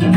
Yeah.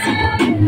I'm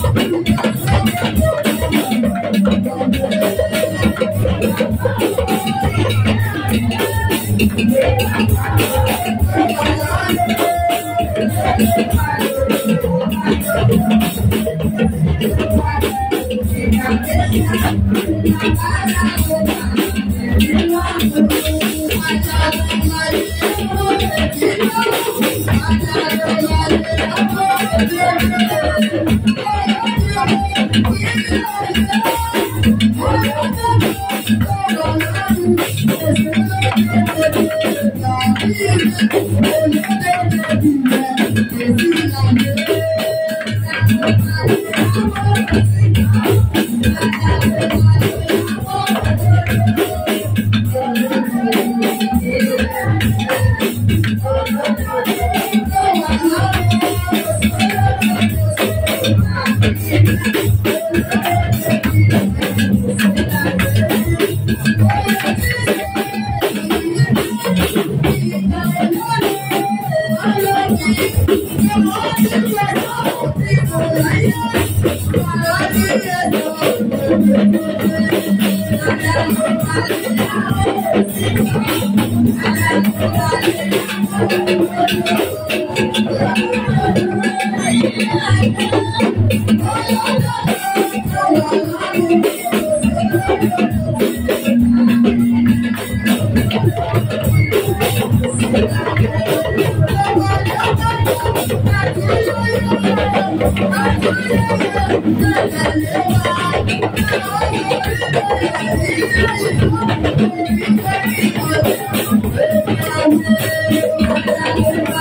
Thank you.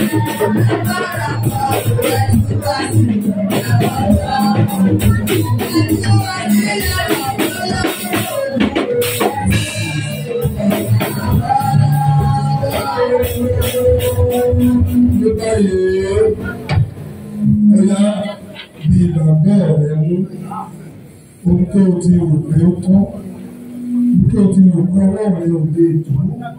ohun tó ti rò pé ó kọ́ ohun tó ti rò pé ọwọ́ rẹ̀ ò lè dùn.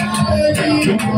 I'm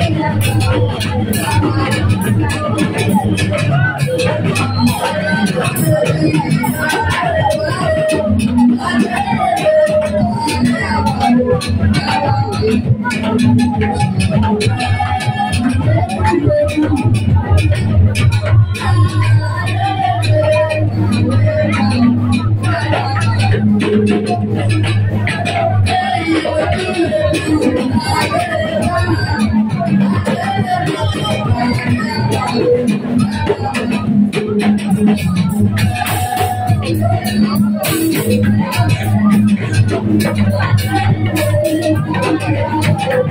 Thank you.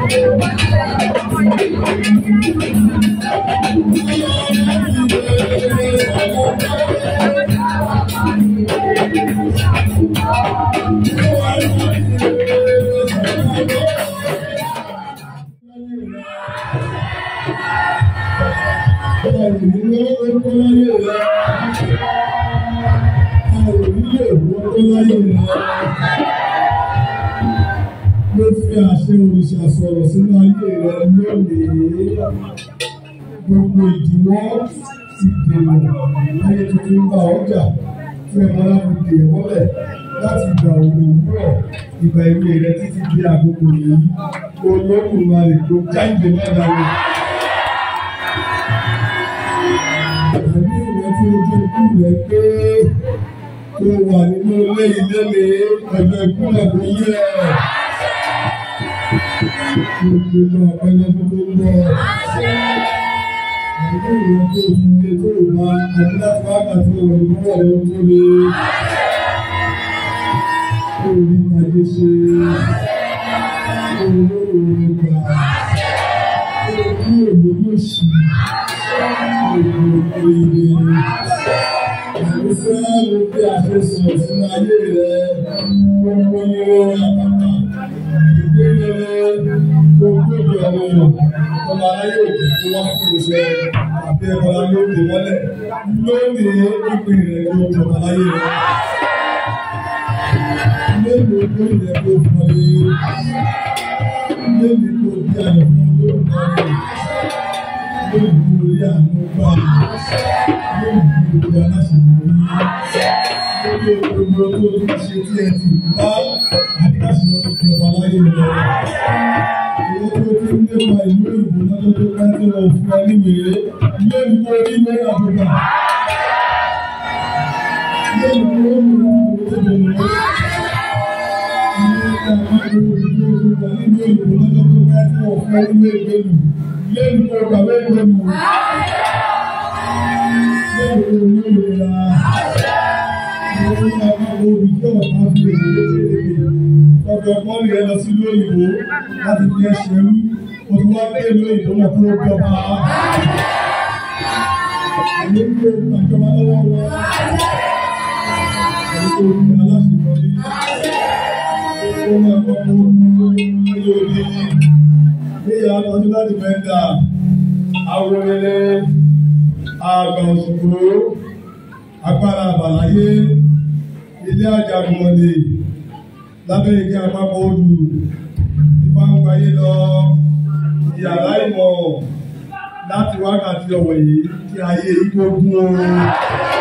Hallelujah fi àṣẹ òrìṣà sọ̀rọ̀ sínú ayé rẹ lónìí. Gbogbo ìdíwọ́ ti dènà láyé tuntun bá ọjà fún ẹ̀kọ́ láti dè mọ́lẹ̀ láti gbà òun òwúrọ̀ ìgbà ìwé rẹ títí di àkókò yìí. Olókùnrin àlejò jáde lọ́dà rẹ̀. Àní ìrántí ojú ikú rẹ̀ pé kó wà nínú ilé ilé ẹ̀jẹ̀ ìkúlẹ̀ kò yẹ. Gbogbo náà pẹ́lẹ́ gbogbo ń bọ̀. Àdúgbò ìwọ̀n tó ti lè tó ìgbà àbúláti wá àti ọ̀rọ̀ ìgbọ́wọ̀ ló tó lè. Òní ìpàdé ṣe. Òní òní ìgbà. Òní òní yóò ṣì. Òní òní ìgbà. Àbúfẹ́ ló gbé àfẹ́sọ̀ fún ayé rẹ̀. tó wá fún oṣù àbí ẹ̀kọ́lá ló dé wọlé lónìí ìpín ìrìnàjò ìjọba láyé rẹ̀. Lẹ́nu ojú ìrìnàjò fún ọ lé. Lẹ́nu ojú òbí àyè fún ọ lóòrùn náà lè. ìjọba láyé rẹ̀ èyí tó ti ń lépa ìlú òyìnbó lọ́dún tó pẹ́ tí wọ́n fún ẹ níwèé ilé ìgbó orí ilé àbúgbà. ilé ìgbó orí ilé àbúgbà. Ilé ìgbó lọ́dún tó pẹ́ tí wọ́n fún ẹ níwèé ìgbélu. Ilé ìgbó fún àwọn olùgbé ọ̀tá fi hàn lókèké ọ̀dọ̀ bọ́ọ̀lù yẹn lọ sí lóyìnbó láti fi ẹsẹ̀ rú òtún wá gbé lóyìnbó lọ kó jọba. Àwọn olùgbé ìgbàjọba lọ́wọ́ wọn. Àwọn olùgbé aláṣẹwọlé. Ó máa gbọ́ pé olùgbé òde yìí. Bí ìyá ọdún láti fẹ́ dà, awolele, àgbà òṣùgbò, agbára àbàláyé ilé àjàgùnmọ̀lẹ̀ lábẹ́ igi àpapọ̀ odù ìfàǹgbáyé lọ yàrá ìmọ̀ láti wákàtí ọ̀wọ̀ yìí kí ayé igbó gún ooo.